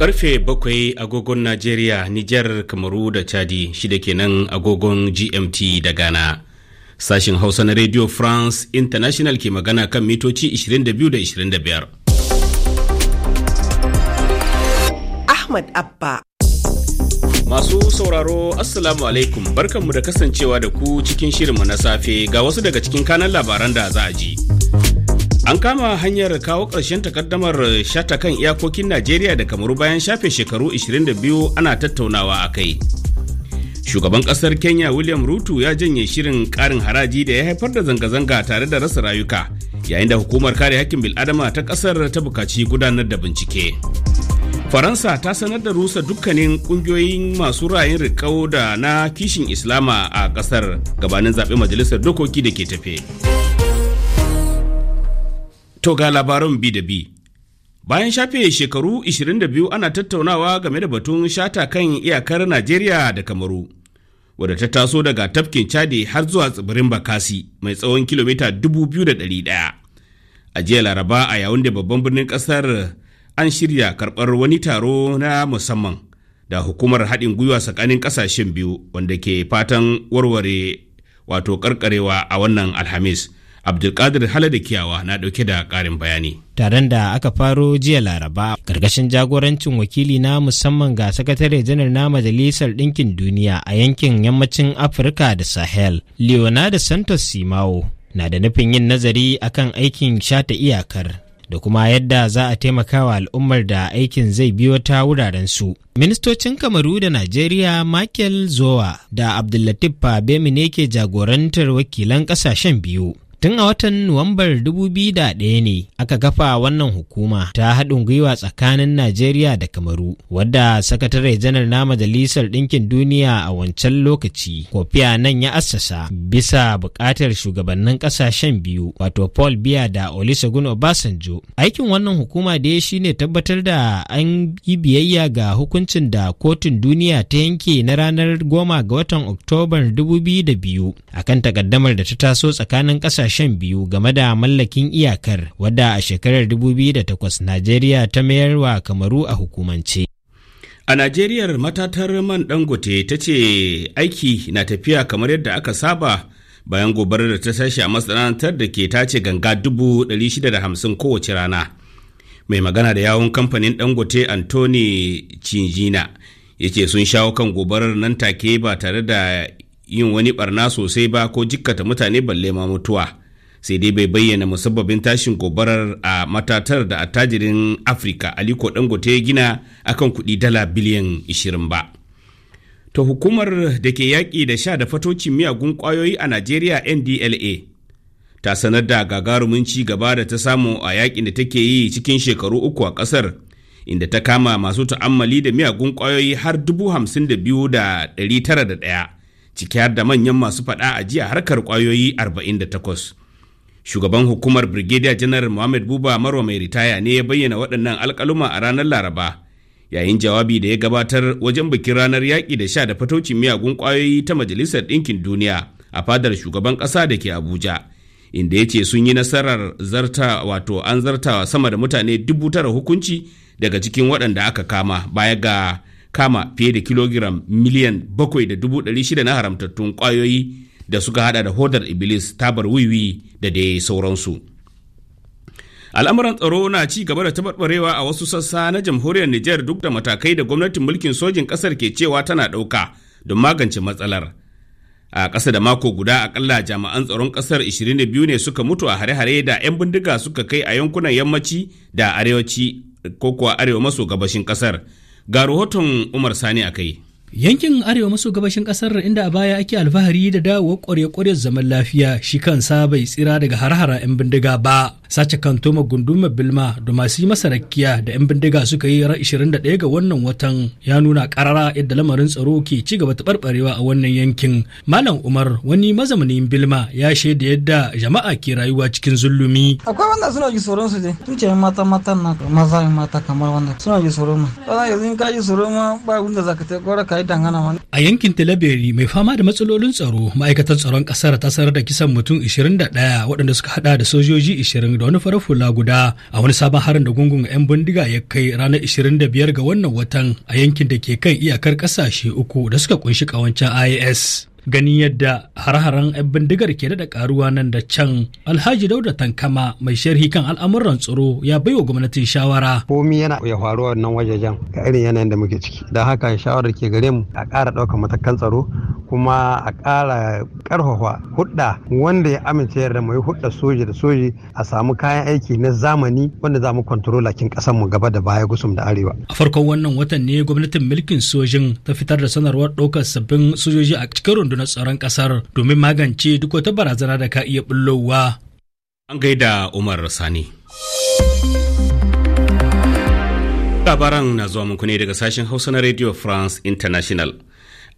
karfe bakwai agogon najeriya nijar kamaru da chadi shida kenan agogon gmt da ghana Sashen hausa na radio france international ke magana kan mitoci 22 da 25 ahmad abba Masu sauraro Assalamu alaikum barkanmu da kasancewa da ku cikin shirinmu na safe ga wasu daga cikin kanan labaran da za a ji. An kama hanyar kawo ƙarshen takaddamar shata kan iyakokin Najeriya da Kamaru bayan shafe shekaru 22 ana tattaunawa a kai. Shugaban ƙasar Kenya William Ruto ya janye shirin ƙarin haraji da ya haifar da zanga-zanga tare da rasa rayuka, yayin da hukumar kare hakkin bil'adama ta ƙasar ta bukaci gudanar da bincike. Faransa ta sanar da rusa dukkanin ƙungiyoyin masu ra'ayin riƙau da na kishin Islama a ƙasar gabanin zaɓen majalisar dokoki da ke tafe. To ga labaran bi da bi. Bayan shafe shekaru 22 ana tattaunawa game da batun shata kan iyakar Najeriya da Kamaru, wadda ta taso daga tafkin Chade har zuwa tsibirin Bakasi mai tsawon kilomita 2,100. A jiya Laraba a yawun da babban birnin ƙasar an shirya karɓar wani taro na musamman da hukumar haɗin gwiwa tsakanin ƙasashen biyu wanda ke fatan warware wato karkarewa a wannan Alhamis. abdulkadir Kiyawa na dauke da karin bayani taron da aka faro jiya laraba karkashin jagorancin wakili na musamman ga sakatare janar na majalisar ɗinkin duniya a yankin yammacin afirka da sahel leonardo santos simao na da nufin yin nazari akan aikin shata iyakar da kuma yadda za a taimakawa al'ummar da aikin zai biyo ta wuraren su. Ministocin Kamaru da Najeriya Michael Zowa da Abdullatif Fabemi ne ke jagorantar wakilan ƙasashen biyu. Tun a watan Nuwambar 2001 ne aka kafa wannan hukuma ta haɗin gwiwa tsakanin Najeriya da Kamaru, wadda sakatare janar na Majalisar Ɗinkin Duniya a wancan lokaci, kofiya nan ya assasa bisa buƙatar shugabannin ƙasashen biyu, wato Paul Biya da Olusegun Obasanjo. Aikin wannan hukuma da shi ne tabbatar da an yi biyayya ga hukuncin da kotun duniya ta yanke na ranar goma ga watan Oktobar 2002 akan takaddamar da ta taso tsakanin ƙasashen shan biyu game da mallakin iyakar wadda a shekarar 2008 najeriya ta mayar wa kamaru a hukumance a Najeriya matatar man dangote ta ce aiki na tafiya kamar yadda aka saba bayan gobarar da ta tashi a masana'antar da ke tace ganga 650 kowace rana mai magana da yawon kamfanin dangote anthony cinjina ya ce sun shawo kan gobarar nan take ba tare da yin wani barna sosai ba ko jikkata mutane balle ma mutuwa sai dai bai bayyana musabbabin tashin gobarar a matatar da attajirin afirka aliko dangote ya gina akan kuɗi dala biliyan 20 ba ta hukumar da ke yaƙi da sha da fatocin miyagun ƙwayoyi a najeriya ndla ta sanar da gagarumin ci gaba da ta samu a yaƙin da take yi cikin shekaru uku a ƙasar inda ta kama masu ta'ammali da miyagun ƙwayoyi har dubu hamsin da biyu da ɗari tara da ɗaya ciki har da manyan masu faɗa a jiya harkar ƙwayoyi 48 shugaban hukumar brigadier janaral mohammed buba marwa mai ritaya ne ya bayyana waɗannan alƙaluma a ranar laraba yayin jawabi da ya gabatar wajen bikin ranar yaƙi da sha da fatocin miyagun ƙwayoyi ta majalisar ɗinkin duniya a fadar shugaban ƙasa da ke abuja inda ya ce sun yi nasarar zarta wato an zartawa sama da mutane dubu tara hukunci daga cikin waɗanda aka kama baya ga kama fiye da kilogiram miliyan bakwai da 7,600 na haramtattun kwayoyi da suka hada da hodar iblis tabar wiwi da dai sauransu al'amuran tsaro na ci gaba da tabarbarewa a wasu sassa na jamhuriyar nijar duk da matakai da gwamnatin mulkin sojin kasar ke cewa tana ɗauka don magance matsalar a ƙasa da mako guda akalla jami'an tsaron ƙasar 22 ne suka mutu a hare-hare da 'yan bindiga suka kai a yankunan yammaci da arewaci ko kuwa arewa maso gabashin ƙasar Ga rahoton Umar Sani a kai. Yankin arewa maso gabashin kasar inda a baya ake alfahari da dawowar kware-kware zaman lafiya shi kansa bai tsira daga harhara hara 'yan bindiga ba. sace kan toma gunduma bilma da masu masa rakiya da 'yan bindiga suka yi ran 21 ga wannan watan ya nuna karara yadda lamarin tsaro ke ci gaba ta barbarewa a wannan yankin malam umar wani mazamanin bilma ya shaida yadda jama'a ke rayuwa cikin zulumi akwai wanda suna ji tsoron su ne tun mata mata na maza mata kamar wanda suna ji tsoron ma wannan yanzu in ka ji tsoron ma ba wanda zaka ta gora kai dangana ma a yankin talaberi mai fama da matsalolin tsaro ma'aikatar tsaron kasar ta sanar da kisan mutum 21 waɗanda suka hada da sojoji 20 da wani farar guda a wani sabon harin da gungun 'yan bindiga ya kai ranar 25 ga wannan watan a yankin da ke kan iyakar ƙasashe uku da suka kunshi kawancin IS. ganin yadda har-haren bindigar ke daɗa ƙaruwa nan da can, Alhaji Dauda Tankama mai sharhi kan al'amuran tsaro ya baiwa gwamnatin shawara. Komi yana ya faruwa nan jan ga irin yanayin da muke ciki. Don haka shawarar ke gare mu a ƙara ɗaukar matakan tsaro kuma a ƙara ƙarfafa hudda wanda ya amince da mu yi hudda soji da soji a samu kayan aiki na zamani wanda za mu kwantarola kin ƙasar mu gaba da baya gusum da arewa. A farkon wannan watan ne gwamnatin mulkin sojin ta fitar da sanarwar ɗaukar sabbin sojoji a cikin rundunar na tsaron kasar domin magance duk wata barazana da ka iya bullowa. An gaida Umar Sani. Labaran na zuwa muku ne daga sashen Hausa na Radio France International.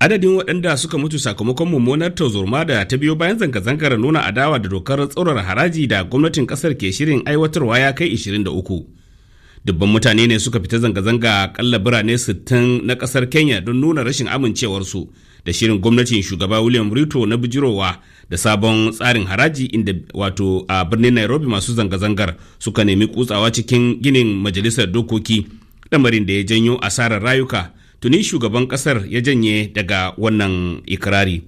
Adadin waɗanda suka mutu sakamakon mummunar tarzoma da ta biyo bayan zanga-zangar nuna adawa da dokar tsoron haraji da gwamnatin ƙasar ke shirin aiwatarwa ya kai 23. dubban mutane ne suka fita zanga-zanga a kalla birane 60 na ƙasar kenya don nuna rashin amincewarsu da shirin gwamnatin shugaba william ruto na bijirowa da sabon tsarin haraji inda wato a birnin nairobi masu zanga-zangar suka nemi kutsawa cikin ginin majalisar dokoki lamarin da ya janyo asarar rayuka tuni shugaban kasar ya janye daga wannan ikirari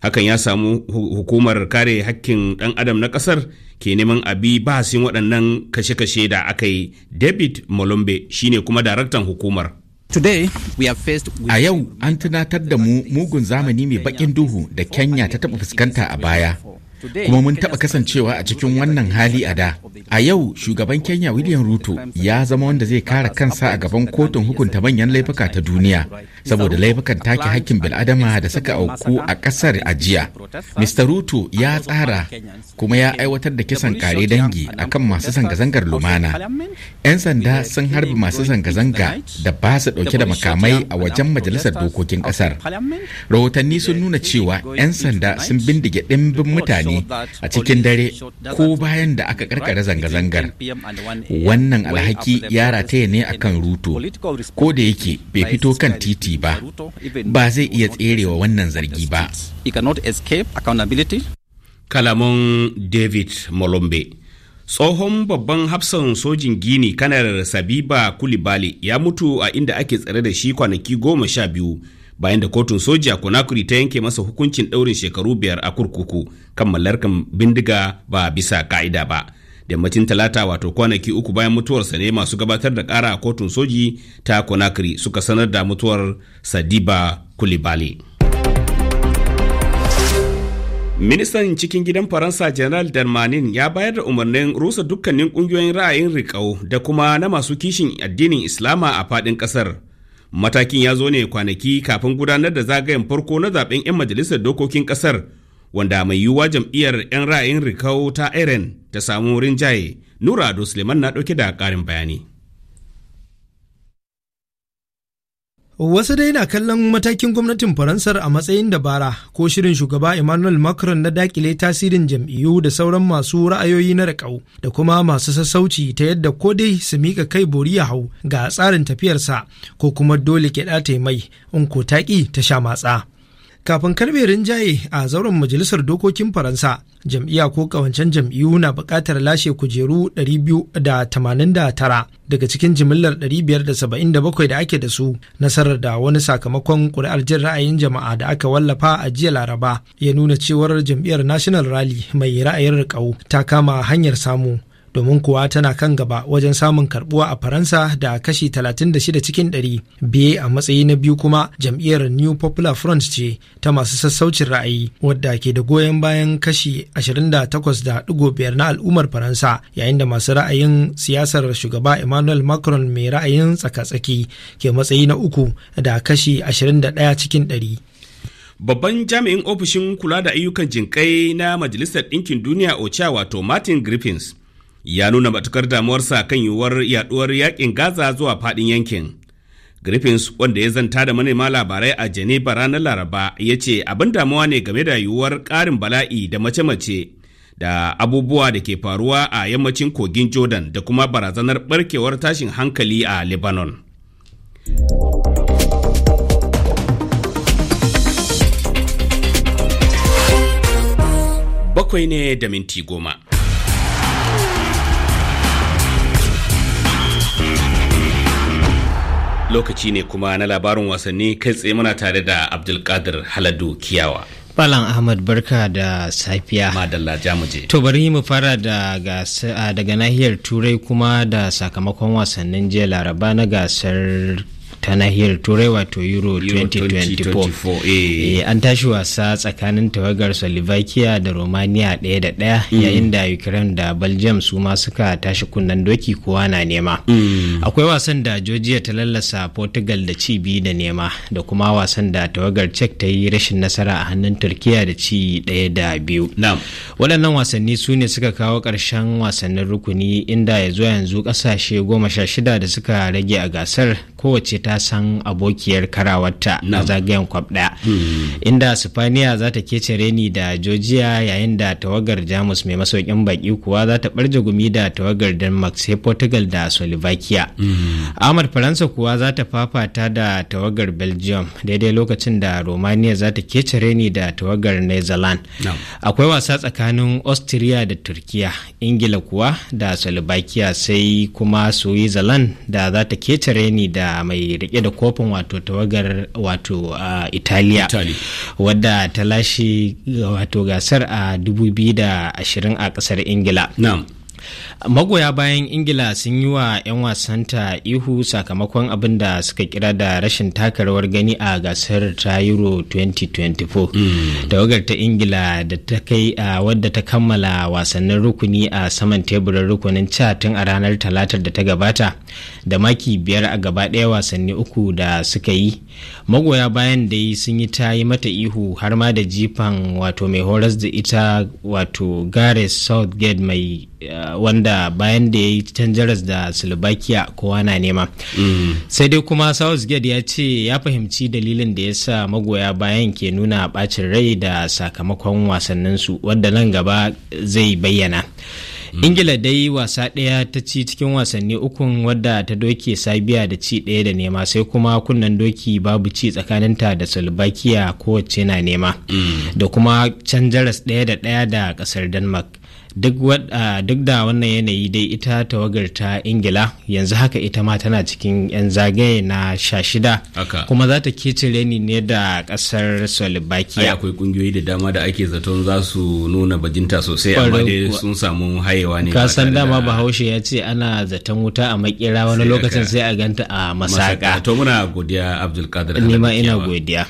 hakan ya samu hukumar kare hakkin ɗan adam na ƙasar ke neman abi bahasin waɗannan kashe-kashe da aka yi david molombe shine kuma daraktan hukumar A yau an tunatar da mu mugun zamani mai bakin duhu da Kenya ta taɓa fuskanta a baya, kuma mun taɓa kasancewa a cikin wannan hali a da. A yau shugaban Kenya William Ruto ya zama wanda zai kara kansa a gaban kotun hukunta manyan laifuka ta duniya saboda laifukan take hakkin bil'adama da suka auku a ƙasar a jiya. Mr. Ruto ya tsara kuma ya aiwatar da kisan kare dangi akan masu zanga-zangar lumana. 'Yan sanda sun harbi masu zanga-zanga da ba su dauke da makamai a wajen majalisar dokokin ƙasar. Rahotanni sun nuna cewa 'yan sanda sun bindige dimbin mutane a cikin dare ko bayan da aka karkara zanga-zangar wannan alhaki ya rataya ne akan ruto ko da yake bai fito kan titi ba ba zai iya tserewa wannan zargi ba kalamun david molombe tsohon babban hafsan sojin gini kanar sabiba kulibali ya mutu a inda ake tsare da shi kwanaki goma sha biyu bayan da kotun soja konakuri ta yanke masa hukuncin daurin shekaru biyar a kurkuku kan bindiga ba bisa ka'ida ba yammacin talata wato kwanaki uku bayan mutuwarsa ne masu gabatar da kara a kotun soji ta conakry suka sanar da mutuwar sadiba kulibali ministan cikin gidan faransa general darmanin ya bayar da umarnin rusa dukkanin kungiyoyin ra'ayin rikau da kuma na masu kishin addinin islama a fadin kasar matakin ya zo ne kwanaki kafin gudanar da zagayen farko na zaben 'yan majalisar dokokin kasar wanda mai yiwuwa jam'iyyar 'yan ra'ayin rikau ta iran ta samu rinjaye nura ado suleiman na ɗauke da ƙarin bayani Wasu dai na kallon matakin gwamnatin Faransar a matsayin dabara ko shirin shugaba Emmanuel Macron na dakile tasirin jam'iyyu da sauran masu ra'ayoyi na rikau da kuma masu sassauci ta yadda ko dai su mika kai bori ya hau ga tsarin tafiyarsa ko kuma dole ke ɗata mai in ko taƙi ta sha matsa. kafin karbe rinjaye a zauren majalisar dokokin faransa jam'iyya ko kawancen jam'iyyu na buƙatar lashe kujeru 289 daga cikin jimillar 577 da ake da su nasarar da wani sakamakon ƙuri'ar jin ra'ayin jama'a da aka wallafa a jiya laraba ya nuna cewar jam'iyyar national rally mai ra'ayin riƙau ta kama hanyar samu domin kuwa tana kan gaba wajen samun karbuwa a faransa da kashi 36 cikin 100 biye a matsayi na biyu kuma jam'iyyar new popular front ce ta masu sassaucin ra'ayi wadda ke da goyon bayan kashi 28.5 na al'ummar faransa yayin da masu ra'ayin siyasar shugaba emmanuel macron mai ra'ayin tsaka-tsaki ke matsayi na uku da kashi 21 cikin 100 Babban jami'in ofishin kula da ayyukan jinƙai na Majalisar Ɗinkin Duniya OCHA wato Martin Griffins ya nuna matukar damuwarsa kan yiwuwar yaduwar yakin Gaza zuwa fadin yankin. Griffins wanda ya zanta da manema labarai a Geneva ranar Laraba ya ce abin damuwa ne game da yiwuwar ƙarin bala'i da mace-mace da abubuwa da ke faruwa a yammacin kogin Jordan da kuma barazanar barkewar tashin hankali a Lebanon. Bakwai ne da minti goma. lokaci ne kuma na labarin wasanni kai tsaye muna tare da abdulkadir haladu kiyawa balan Ahmad barka da safiya. Madalla jamuje. To bari mu fara daga nahiyar Turai kuma da sakamakon wasannin jiya Laraba na gasar ta nahiyar turai wato euro 2024 eh. eh, an tashi wasa tsakanin tawagar slovakia da romania ɗaya da ɗaya mm. yayin da ukraine da belgium su ma suka tashi kunnen doki kowa na nema mm. akwai wasan da georgia ta lallasa portugal da ci biyu da nema da kuma wasan da tawagar czech ta yi rashin nasara a hannun turkiya da ci ɗaya da biyu waɗannan wasanni su ne suka kawo ƙarshen wasannin rukuni inda ya zuwa yanzu ƙasashe goma sha shida da suka rage a gasar kowace ta san abokiyar karawarta na zagayen kwab ɗaya hmm. inda sifaniya za ta kece reni da georgia yayin da tawagar jamus mai masaukin baki kuwa za ta barje gumi da tawagar denmark sai portugal da slovakia hmm. ahmad faransa kuwa za ta fafata da tawagar belgium daidai lokacin da romania za ta kece reni da tawagar netherlands akwai wasa tsakanin austria da turkiya ingila kuwa da slovakia sai kuma switzerland da za ta kece reni da mai rike da kofin wato tawagar wato italiya wadda ta lashe wato gasar a 2020 a kasar ingila magoya bayan ingila sun yi wa 'yan wasanta ihu sakamakon abin da suka kira da rashin takarwar gani a gasar ta euro 2024 hmm. tawagar ta ingila da ta kai a wadda ta kammala wasannin rukuni a saman teburin rukunin ca tun a ranar talatar da ta gabata da maki biyar a gaba ɗaya wasanni uku da suka yi magoya bayan da yi sun yi ta yi mata ihu har ma da jifan wato mai horas da ita wato gareth southgate mai eh, wanda bayan da ya yi canjaras da slovakia kowa na nema mm. sai dai kuma southgate ya ce ya fahimci dalilin da ya sa magoya bayan ke nuna bacin rai da sakamakon wasanninsu wadda nan gaba zai bayyana. Mm. ingila dai wasa ɗaya ta ci cikin wasanni ukun wadda ta doke sabiya da ci ɗaya da nema sai kuma kunnen doki babu ci tsakaninta da slovakia kowace na nema mm. da kuma can jaras ɗaya da ɗaya da ƙasar denmark duk da wannan yanayi dai ita tawagar ta ingila yanzu haka ita ma tana cikin 'yan zagaye na sha shida kuma za ta kicire ni ne da kasar solibakiya akwai kungiyoyi da dama da ake zaton za su nuna bajinta sosai amma dai sun samu hayewa ne ka san dama bahaushe ya ce ana zaton wuta a makera wani lokacin sai a ganta a masaka to muna godiya abdulkadir ina godiya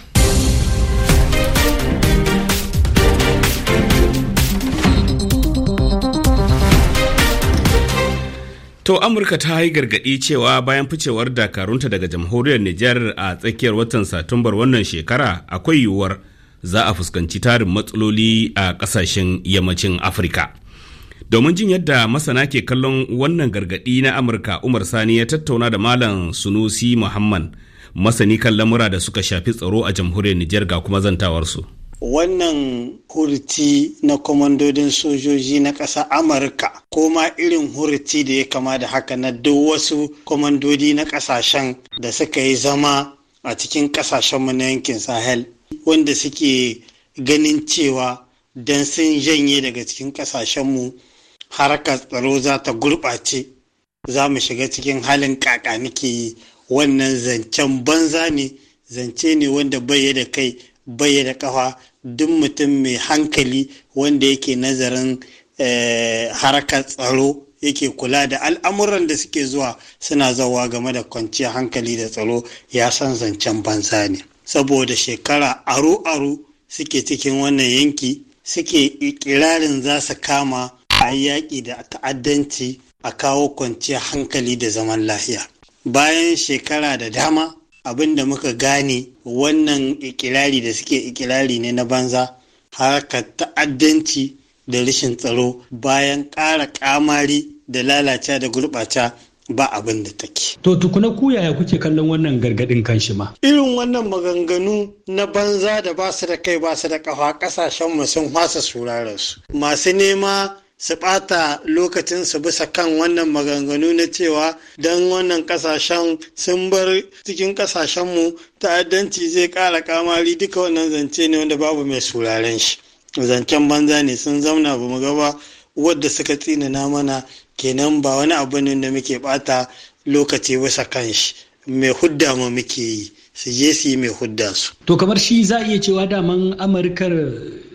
To Amurka ta yi gargaɗi cewa bayan ficewar dakarunta daga jamhuriyar Nijar a tsakiyar watan Satumbar wannan shekara akwai yiwuwar za a fuskanci tarin matsaloli a ƙasashen yammacin Afirka. Domin jin yadda masana ke kallon wannan gargaɗi na Amurka Umar Sani ya tattauna da Malam Sunusi Muhammad masani kan lamura da suka shafi tsaro a jamhuriyar Nijar ga kuma zantawarsu. wannan hurti na kwamandodin sojoji na ƙasa amurka ko ma irin hurti da ya kama da haka na duk wasu kwamandodi na ƙasashen da suka yi zama a cikin ƙasashenmu na yankin sahel wanda suke ganin cewa don sun janye daga cikin ƙasashenmu harkar tsaro za ta gurɓace za mu shiga cikin halin kaka nake yi wannan zancen banza ne zance ne wanda bayyana da kai bayyana da kafa duk mutum mai hankali wanda yake nazarin eh, harkar tsaro yake kula da al'amuran da suke zuwa suna zawa game da kwanciyar hankali da tsaro ya san zancen banza ne saboda shekara aro-aro suke cikin wannan yanki suke ikirarin za su kama a yaƙi da ta'addanci a kawo kwanciyar hankali da zaman lafiya bayan shekara da dama abin da muka gane wannan ikilari da suke ikirari ne na banza harkar ta'addanci da rashin tsaro bayan ƙara ƙamari da lalace da gurɓata ba abin da take. To tukuna ku yaya kuke kallon wannan gargaɗin kanshi ma? Irin wannan maganganu na banza da ba su da kai ba su da ƙafa ƙasashen mu sun fasa surararsu. Masu nema su ɓata lokacinsu bisa kan wannan maganganu na cewa don wannan ƙasashen sun bar cikin ƙasashenmu ta'addanci zai ƙara ƙamari duka wannan zance ne wanda babu mai suraren shi zancen banza ne sun zauna ba mu gaba wadda suka tsinana mana kenan ba wani abu ne da muke ɓata lokaci bisa kan shi mai hudda mu muke yi su je su yi mai hudda su. to kamar shi za a iya cewa daman amurkar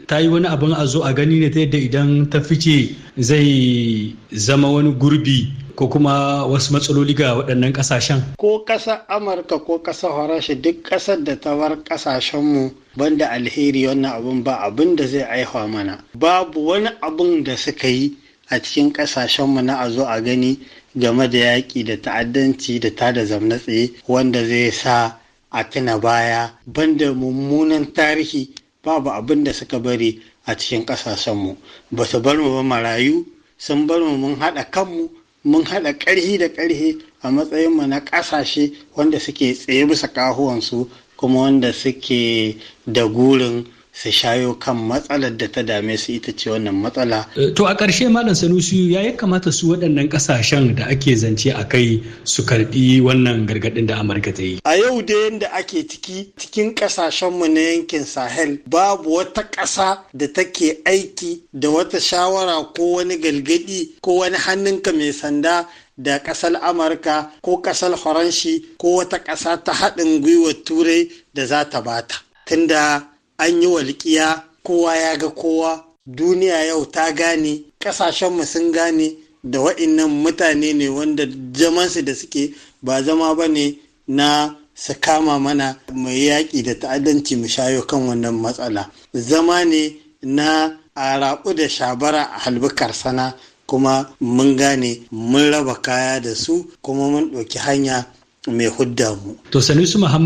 ta yi wani abin a zo a gani ne ta yadda idan ta fice zai zama wani gurbi ko kuma wasu matsaloli ga waɗannan ƙasashen? Ko ƙasar Amurka ko ƙasar Horashi duk ƙasar da ta bar ƙasashenmu banda alheri wannan abin ba abin da zai aihuwa mana. Babu wani abin da suka yi a cikin ƙasashenmu na a zo a gani game da yaƙi da ta'addanci da ta da zamna tsaye wanda zai sa a tuna baya banda mummunan tarihi babu abin da suka bari a cikin ƙasashenmu ba su bar mu ba marayu sun bar mu mun haɗa kanmu mun haɗa ƙarhi da ƙarhi a matsayinmu na ƙasashe wanda suke tsaye bisa kahuwansu kuma wanda suke da gurin su shayo kan matsalar da ta dame su ita ce wannan matsala. Eh, to a ƙarshe Malam Sanusi ya yi kamata su waɗannan ƙasashen da ake zance a kai su karɓi wannan gargaɗin da Amurka ta yi. A yau da yadda ake ciki cikin ƙasashen mu na yankin Sahel babu wata ƙasa da take aiki da wata shawara ko wani galgadi ko wani hannunka mai sanda da ƙasar amurka ko ƙasar faranshi ko wata ƙasa ta haɗin gwiwar turai da za ta bata tunda an yi walƙiya kowa ya ga kowa duniya yau ta gane ƙasashenmu sun gane da wa'innan mutane ne wanda jamansu da suke ba zama ba ne na su kama mana mai yaƙi da ta'addanci mu shayo kan wannan matsala zama ne na araɓu da shabara a halbukar sana kuma mun gane mun raba kaya da su kuma mun ɗauki hanya mai hudda mu. To Sanusu Muhammad